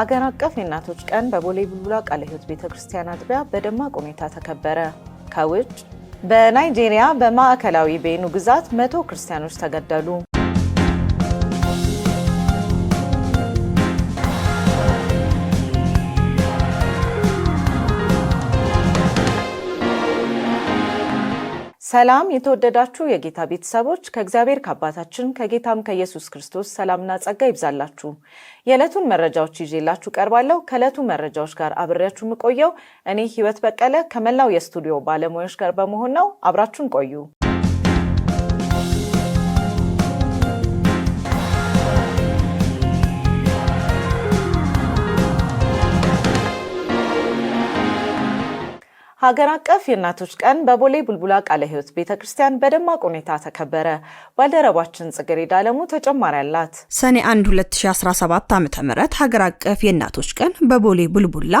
ሀገር አቀፍ የእናቶች ቀን በቦሌ ቡልቡላ ቃለ ሕይወት ቤተ ክርስቲያን አጥቢያ በደማቅ ሁኔታ ተከበረ። ከውጭ በናይጄሪያ በማዕከላዊ ቤኑ ግዛት መቶ ክርስቲያኖች ተገደሉ። ሰላም የተወደዳችሁ የጌታ ቤተሰቦች ከእግዚአብሔር ከአባታችን ከጌታም ከኢየሱስ ክርስቶስ ሰላምና ጸጋ ይብዛላችሁ። የዕለቱን መረጃዎች ይዤላችሁ ቀርባለሁ። ከዕለቱ መረጃዎች ጋር አብሬያችሁ የምቆየው እኔ ህይወት በቀለ ከመላው የስቱዲዮ ባለሙያዎች ጋር በመሆን ነው። አብራችሁን ቆዩ። ሀገር አቀፍ የእናቶች ቀን በቦሌ ቡልቡላ ቃለ ሕይወት ቤተ ክርስቲያን በደማቅ ሁኔታ ተከበረ። ባልደረባችን ጽጌረዳ አለሙ ተጨማሪ አላት። ሰኔ 1 2017 ዓ ም ሀገር አቀፍ የእናቶች ቀን በቦሌ ቡልቡላ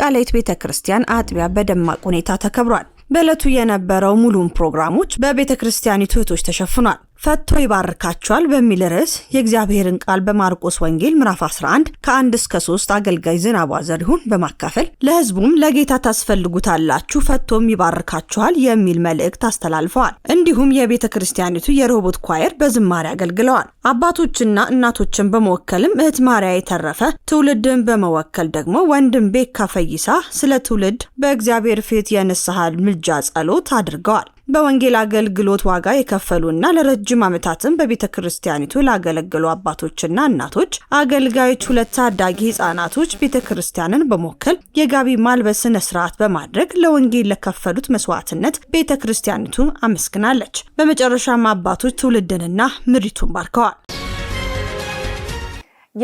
ቃለ ሕይወት ቤተ ክርስቲያን አጥቢያ በደማቅ ሁኔታ ተከብሯል። በዕለቱ የነበረው ሙሉን ፕሮግራሞች በቤተ ክርስቲያኒቱ እህቶች ተሸፍኗል። ፈቶ ይባርካቸዋል በሚል ርዕስ የእግዚአብሔርን ቃል በማርቆስ ወንጌል ምዕራፍ 11 ከአንድ እስከ ሶስት አገልጋይ ዝናቧ ዘሪሁን በማካፈል ለሕዝቡም ለጌታ ታስፈልጉታላችሁ ፈቶም ይባርካችኋል የሚል መልእክት አስተላልፈዋል። እንዲሁም የቤተ ክርስቲያኒቱ የሮቦት ኳየር በዝማሬ አገልግለዋል። አባቶችና እናቶችን በመወከልም እህት ማርያ የተረፈ፣ ትውልድን በመወከል ደግሞ ወንድም ቤካ ፈይሳ ስለ ትውልድ በእግዚአብሔር ፊት የንስሐ ምልጃ ጸሎት አድርገዋል። በወንጌል አገልግሎት ዋጋ የከፈሉና ለረጅም ዓመታትም በቤተ ክርስቲያኒቱ ላገለገሉ አባቶችና እናቶች አገልጋዮች ሁለት ታዳጊ ህጻናቶች ቤተ ክርስቲያንን በመወከል የጋቢ ማልበስ ስነ ስርዓት በማድረግ ለወንጌል ለከፈሉት መስዋዕትነት ቤተ ክርስቲያኒቱ አመስግናለች። በመጨረሻም አባቶች ትውልድንና ምሪቱን ባርከዋል።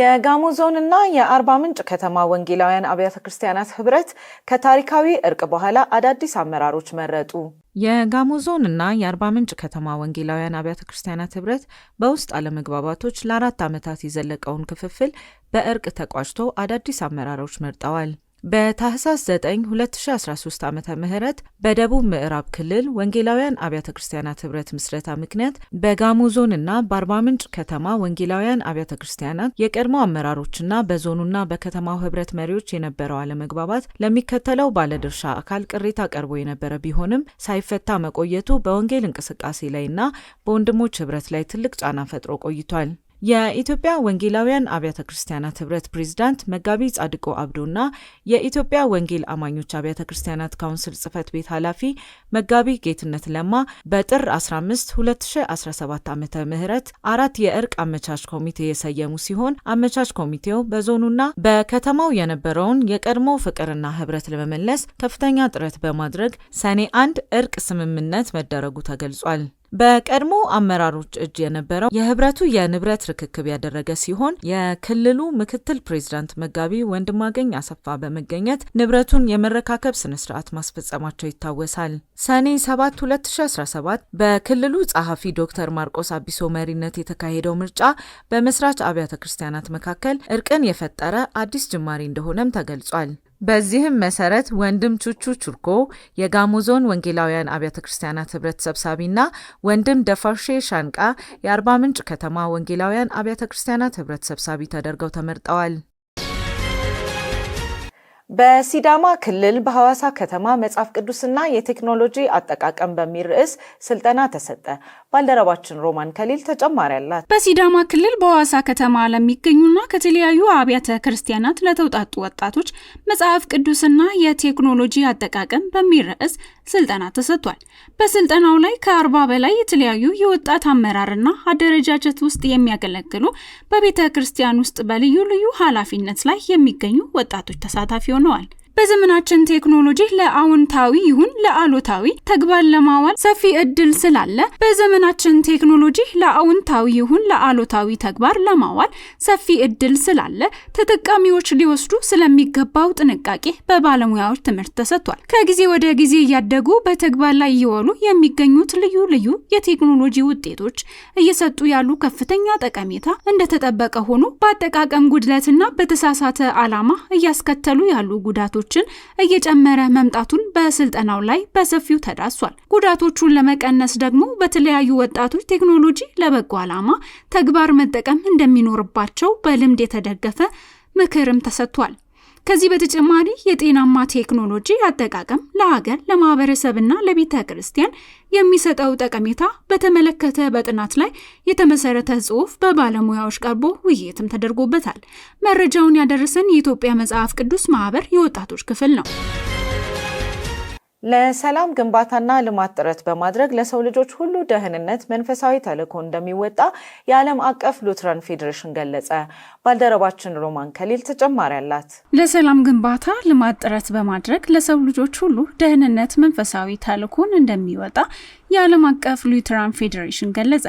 የጋሞ ዞንና የአርባ ምንጭ ከተማ ወንጌላውያን አብያተ ክርስቲያናት ህብረት ከታሪካዊ እርቅ በኋላ አዳዲስ አመራሮች መረጡ። የጋሞ ዞን እና የአርባ ምንጭ ከተማ ወንጌላውያን አብያተ ክርስቲያናት ህብረት በውስጥ አለመግባባቶች ለአራት ዓመታት የዘለቀውን ክፍፍል በእርቅ ተቋጭቶ አዳዲስ አመራሮች መርጠዋል። በታህሳስ 9 2013 ዓ ም በደቡብ ምዕራብ ክልል ወንጌላውያን አብያተ ክርስቲያናት ህብረት ምስረታ ምክንያት በጋሞ ዞንና በአርባ ምንጭ ከተማ ወንጌላውያን አብያተ ክርስቲያናት የቀድሞ አመራሮችና በዞኑና በከተማው ህብረት መሪዎች የነበረው አለመግባባት ለሚከተለው ባለድርሻ አካል ቅሬታ ቀርቦ የነበረ ቢሆንም ሳይፈታ መቆየቱ በወንጌል እንቅስቃሴ ላይና በወንድሞች ህብረት ላይ ትልቅ ጫና ፈጥሮ ቆይቷል። የኢትዮጵያ ወንጌላውያን አብያተ ክርስቲያናት ህብረት ፕሬዝዳንት መጋቢ ጻድቆ አብዶና የኢትዮጵያ ወንጌል አማኞች አብያተ ክርስቲያናት ካውንስል ጽህፈት ቤት ኃላፊ መጋቢ ጌትነት ለማ በጥር 15 2017 ዓ ም አራት የእርቅ አመቻች ኮሚቴ የሰየሙ ሲሆን አመቻች ኮሚቴው በዞኑና በከተማው የነበረውን የቀድሞ ፍቅርና ህብረት ለመመለስ ከፍተኛ ጥረት በማድረግ ሰኔ አንድ እርቅ ስምምነት መደረጉ ተገልጿል። በቀድሞ አመራሮች እጅ የነበረው የህብረቱ የንብረት ርክክብ ያደረገ ሲሆን የክልሉ ምክትል ፕሬዚዳንት መጋቢ ወንድማገኝ አሰፋ በመገኘት ንብረቱን የመረካከብ ስነስርዓት ማስፈጸማቸው ይታወሳል። ሰኔ 7 2017 በክልሉ ጸሐፊ ዶክተር ማርቆስ አቢሶ መሪነት የተካሄደው ምርጫ በመስራች አብያተ ክርስቲያናት መካከል እርቅን የፈጠረ አዲስ ጅማሬ እንደሆነም ተገልጿል። በዚህም መሰረት ወንድም ቹቹ ቹርኮ የጋሞ ዞን ወንጌላውያን አብያተ ክርስቲያናት ህብረት ሰብሳቢና ወንድም ደፋሼ ሻንቃ የአርባ ምንጭ ከተማ ወንጌላውያን አብያተ ክርስቲያናት ህብረት ሰብሳቢ ተደርገው ተመርጠዋል። በሲዳማ ክልል በሐዋሳ ከተማ መጽሐፍ ቅዱስና የቴክኖሎጂ አጠቃቀም በሚል ርዕስ ስልጠና ተሰጠ። ባልደረባችን ሮማን ከሊል ተጨማሪ አላት። በሲዳማ ክልል በሐዋሳ ከተማ ለሚገኙና ከተለያዩ አብያተ ክርስቲያናት ለተውጣጡ ወጣቶች መጽሐፍ ቅዱስና የቴክኖሎጂ አጠቃቀም በሚል ርዕስ ስልጠና ተሰጥቷል። በስልጠናው ላይ ከአርባ በላይ የተለያዩ የወጣት አመራርና አደረጃጀት ውስጥ የሚያገለግሉ በቤተ ክርስቲያን ውስጥ በልዩ ልዩ ኃላፊነት ላይ የሚገኙ ወጣቶች ተሳታፊ ሆነዋል። በዘመናችን ቴክኖሎጂ ለአዎንታዊ ይሁን ለአሉታዊ ተግባር ለማዋል ሰፊ እድል ስላለ በዘመናችን ቴክኖሎጂ ለአዎንታዊ ይሁን ለአሉታዊ ተግባር ለማዋል ሰፊ እድል ስላለ ተጠቃሚዎች ሊወስዱ ስለሚገባው ጥንቃቄ በባለሙያዎች ትምህርት ተሰጥቷል። ከጊዜ ወደ ጊዜ እያደጉ በተግባር ላይ እየዋሉ የሚገኙት ልዩ ልዩ የቴክኖሎጂ ውጤቶች እየሰጡ ያሉ ከፍተኛ ጠቀሜታ እንደተጠበቀ ሆኖ በአጠቃቀም ጉድለትና በተሳሳተ ዓላማ እያስከተሉ ያሉ ጉዳቶች ጉዳቶችን እየጨመረ መምጣቱን በስልጠናው ላይ በሰፊው ተዳስሷል። ጉዳቶቹን ለመቀነስ ደግሞ በተለያዩ ወጣቶች ቴክኖሎጂ ለበጎ ዓላማ ተግባር መጠቀም እንደሚኖርባቸው በልምድ የተደገፈ ምክርም ተሰጥቷል። ከዚህ በተጨማሪ የጤናማ ቴክኖሎጂ አጠቃቀም ለሀገር ለማህበረሰብና ለቤተ ክርስቲያን የሚሰጠው ጠቀሜታ በተመለከተ በጥናት ላይ የተመሰረተ ጽሑፍ በባለሙያዎች ቀርቦ ውይይትም ተደርጎበታል። መረጃውን ያደረሰን የኢትዮጵያ መጽሐፍ ቅዱስ ማህበር የወጣቶች ክፍል ነው። ለሰላም ግንባታና ልማት ጥረት በማድረግ ለሰው ልጆች ሁሉ ደህንነት መንፈሳዊ ተልዕኮ እንደሚወጣ የዓለም አቀፍ ሉትራን ፌዴሬሽን ገለጸ። ባልደረባችን ሮማን ከሊል ተጨማሪ አላት። ለሰላም ግንባታ ልማት ጥረት በማድረግ ለሰው ልጆች ሁሉ ደህንነት መንፈሳዊ ተልዕኮን እንደሚወጣ የዓለም አቀፍ ሉተራን ፌዴሬሽን ገለጸ።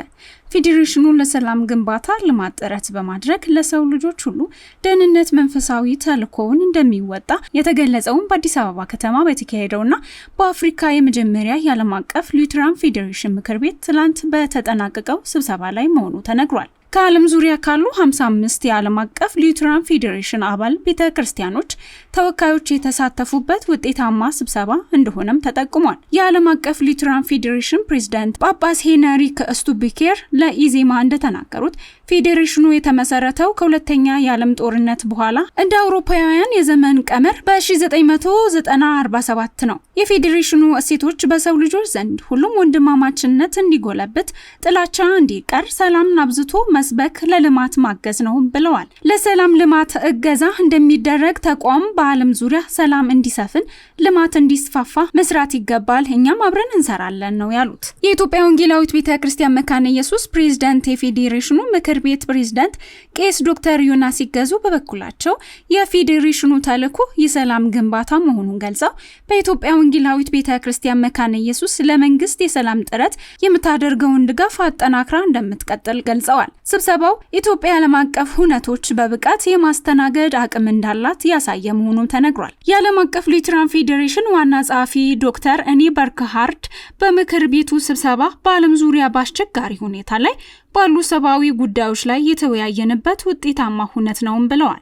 ፌዴሬሽኑ ለሰላም ግንባታ ልማት ጥረት በማድረግ ለሰው ልጆች ሁሉ ደህንነት መንፈሳዊ ተልእኮውን እንደሚወጣ የተገለጸውን በአዲስ አበባ ከተማ በተካሄደውና በአፍሪካ የመጀመሪያ የዓለም አቀፍ ሉተራን ፌዴሬሽን ምክር ቤት ትላንት በተጠናቀቀው ስብሰባ ላይ መሆኑ ተነግሯል። ከዓለም ዙሪያ ካሉ 55 የዓለም አቀፍ ሉተራን ፌዴሬሽን አባል ቤተ ክርስቲያኖች ተወካዮች የተሳተፉበት ውጤታማ ስብሰባ እንደሆነም ተጠቁሟል። የዓለም አቀፍ ሊዩትራን ፌዴሬሽን ፕሬዚዳንት ጳጳስ ሄነሪክ ስቱቢኬር ለኢዜማ እንደተናገሩት ፌዴሬሽኑ የተመሰረተው ከሁለተኛ የዓለም ጦርነት በኋላ እንደ አውሮፓውያን የዘመን ቀመር በ1947 ነው። የፌዴሬሽኑ እሴቶች በሰው ልጆች ዘንድ ሁሉም ወንድማማችነት እንዲጎለብት፣ ጥላቻ እንዲቀር፣ ሰላምን አብዝቶ መስበክ፣ ለልማት ማገዝ ነው ብለዋል። ለሰላም ልማት እገዛ እንደሚደረግ ተቋም በዓለም ዙሪያ ሰላም እንዲሰፍን፣ ልማት እንዲስፋፋ መስራት ይገባል። እኛም አብረን እንሰራለን ነው ያሉት። የኢትዮጵያ ወንጌላዊት ቤተ ክርስቲያን መካነ ኢየሱስ ፕሬዝዳንት የፌዴሬሽኑ ምክር ምክር ቤት ፕሬዝዳንት ቄስ ዶክተር ዮና ሲገዙ በበኩላቸው የፌዴሬሽኑ ተልዕኮ የሰላም ግንባታ መሆኑን ገልጸው በኢትዮጵያ ወንጌላዊት ቤተ ክርስቲያን መካነ ኢየሱስ ለመንግስት የሰላም ጥረት የምታደርገውን ድጋፍ አጠናክራ እንደምትቀጥል ገልጸዋል። ስብሰባው ኢትዮጵያ ዓለም አቀፍ ሁነቶች በብቃት የማስተናገድ አቅም እንዳላት ያሳየ መሆኑም ተነግሯል። የዓለም አቀፍ ሉትራን ፌዴሬሽን ዋና ጸሐፊ ዶክተር እኔ በርክሃርድ በምክር ቤቱ ስብሰባ በዓለም ዙሪያ በአስቸጋሪ ሁኔታ ላይ ባሉ ሰብአዊ ጉዳዮች ላይ የተወያየንበት ውጤታማ ሁነት ነውም ብለዋል።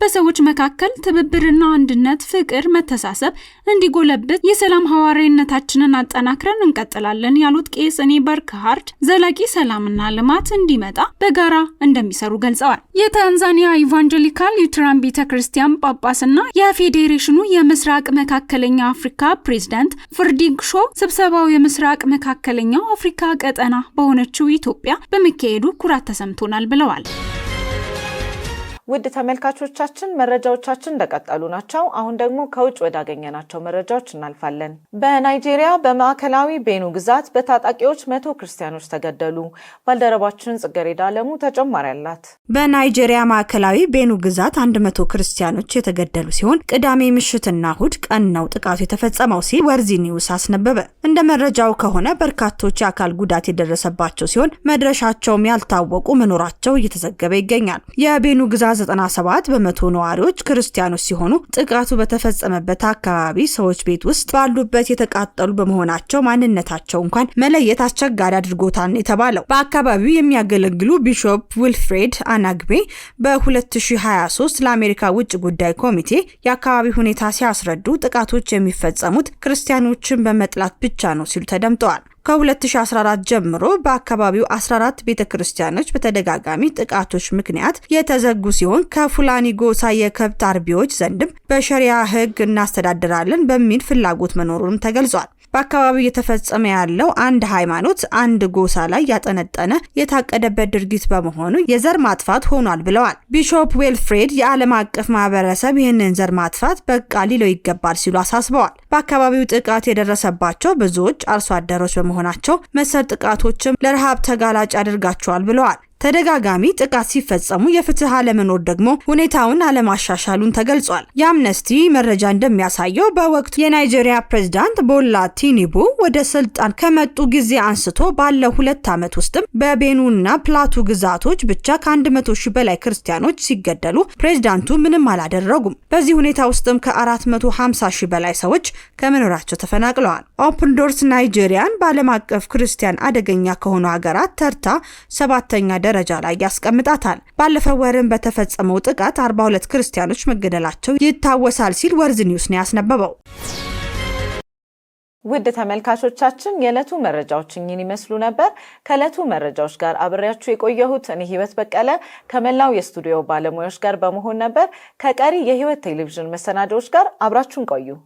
በሰዎች መካከል ትብብርና አንድነት፣ ፍቅር፣ መተሳሰብ እንዲጎለብት የሰላም ሐዋርያነታችንን አጠናክረን እንቀጥላለን ያሉት ቄስ እኔ በርክሃርድ ዘላቂ ሰላምና ልማት እንዲመጣ በጋራ እንደሚሰሩ ገልጸዋል። የታንዛኒያ ኢቫንጀሊካል ሉትራን ቤተ ክርስቲያን ጳጳስና የፌዴሬሽኑ የምስራቅ መካከለኛ አፍሪካ ፕሬዝዳንት ፍርዲንግ ሾ ስብሰባው የምስራቅ መካከለኛው አፍሪካ ቀጠና በሆነችው ኢትዮጵያ በመካሄዱ ኩራት ተሰምቶናል ብለዋል። ውድ ተመልካቾቻችን መረጃዎቻችን እንደቀጠሉ ናቸው። አሁን ደግሞ ከውጭ ወዳገኘናቸው መረጃዎች እናልፋለን። በናይጄሪያ በማዕከላዊ ቤኑ ግዛት በታጣቂዎች መቶ ክርስቲያኖች ተገደሉ። ባልደረባችን ጽገሬዳ አለሙ ተጨማሪ አላት። በናይጄሪያ ማዕከላዊ ቤኑ ግዛት አንድ መቶ ክርስቲያኖች የተገደሉ ሲሆን ቅዳሜ ምሽትና እሁድ ቀን ነው ጥቃቱ የተፈጸመው ሲል ወርዚ ኒውስ አስነበበ። እንደ መረጃው ከሆነ በርካቶች የአካል ጉዳት የደረሰባቸው ሲሆን መድረሻቸውም ያልታወቁ መኖራቸው እየተዘገበ ይገኛል። የቤኑ ግዛት 97 በመቶ ነዋሪዎች ክርስቲያኖች ሲሆኑ ጥቃቱ በተፈጸመበት አካባቢ ሰዎች ቤት ውስጥ ባሉበት የተቃጠሉ በመሆናቸው ማንነታቸው እንኳን መለየት አስቸጋሪ አድርጎታል የተባለው በአካባቢው የሚያገለግሉ ቢሾፕ ዊልፍሬድ አናግቤ በ2023 ለአሜሪካ ውጭ ጉዳይ ኮሚቴ የአካባቢ ሁኔታ ሲያስረዱ ጥቃቶች የሚፈጸሙት ክርስቲያኖችን በመጥላት ብቻ ነው ሲሉ ተደምጠዋል። ከ2014 ጀምሮ በአካባቢው 14 ቤተ ክርስቲያኖች በተደጋጋሚ ጥቃቶች ምክንያት የተዘጉ ሲሆን ከፉላኒ ጎሳ የከብት አርቢዎች ዘንድም በሸሪያ ሕግ እናስተዳድራለን በሚል ፍላጎት መኖሩንም ተገልጿል። በአካባቢው እየተፈጸመ ያለው አንድ ሃይማኖት፣ አንድ ጎሳ ላይ ያጠነጠነ የታቀደበት ድርጊት በመሆኑ የዘር ማጥፋት ሆኗል ብለዋል ቢሾፕ ዌልፍሬድ። የዓለም አቀፍ ማህበረሰብ ይህንን ዘር ማጥፋት በቃ ሊለው ይገባል ሲሉ አሳስበዋል። በአካባቢው ጥቃት የደረሰባቸው ብዙዎች አርሶ አደሮች በመሆናቸው መሰል ጥቃቶችም ለረሃብ ተጋላጭ ያደርጋቸዋል ብለዋል። ተደጋጋሚ ጥቃት ሲፈጸሙ የፍትህ አለመኖር ደግሞ ሁኔታውን አለማሻሻሉን ተገልጿል። የአምነስቲ መረጃ እንደሚያሳየው በወቅቱ የናይጄሪያ ፕሬዝዳንት ቦላ ቲኒቡ ወደ ስልጣን ከመጡ ጊዜ አንስቶ ባለው ሁለት ዓመት ውስጥም በቤኑና ፕላቱ ግዛቶች ብቻ ከ100 ሺህ በላይ ክርስቲያኖች ሲገደሉ ፕሬዝዳንቱ ምንም አላደረጉም። በዚህ ሁኔታ ውስጥም ከ450 ሺህ በላይ ሰዎች ከመኖራቸው ተፈናቅለዋል። ኦፕን ዶርስ ናይጄሪያን በዓለም አቀፍ ክርስቲያን አደገኛ ከሆኑ ሀገራት ተርታ ሰባተኛ ደረጃ ላይ ያስቀምጣታል። ባለፈው ወርም በተፈጸመው ጥቃት 42 ክርስቲያኖች መገደላቸው ይታወሳል ሲል ወርዝ ኒውስ ነው ያስነበበው። ውድ ተመልካቾቻችን የዕለቱ መረጃዎች እኝን ይመስሉ ነበር። ከዕለቱ መረጃዎች ጋር አብሬያችሁ የቆየሁት እኔ ህይወት በቀለ ከመላው የስቱዲዮ ባለሙያዎች ጋር በመሆን ነበር። ከቀሪ የህይወት ቴሌቪዥን መሰናዶዎች ጋር አብራችሁን ቆዩ።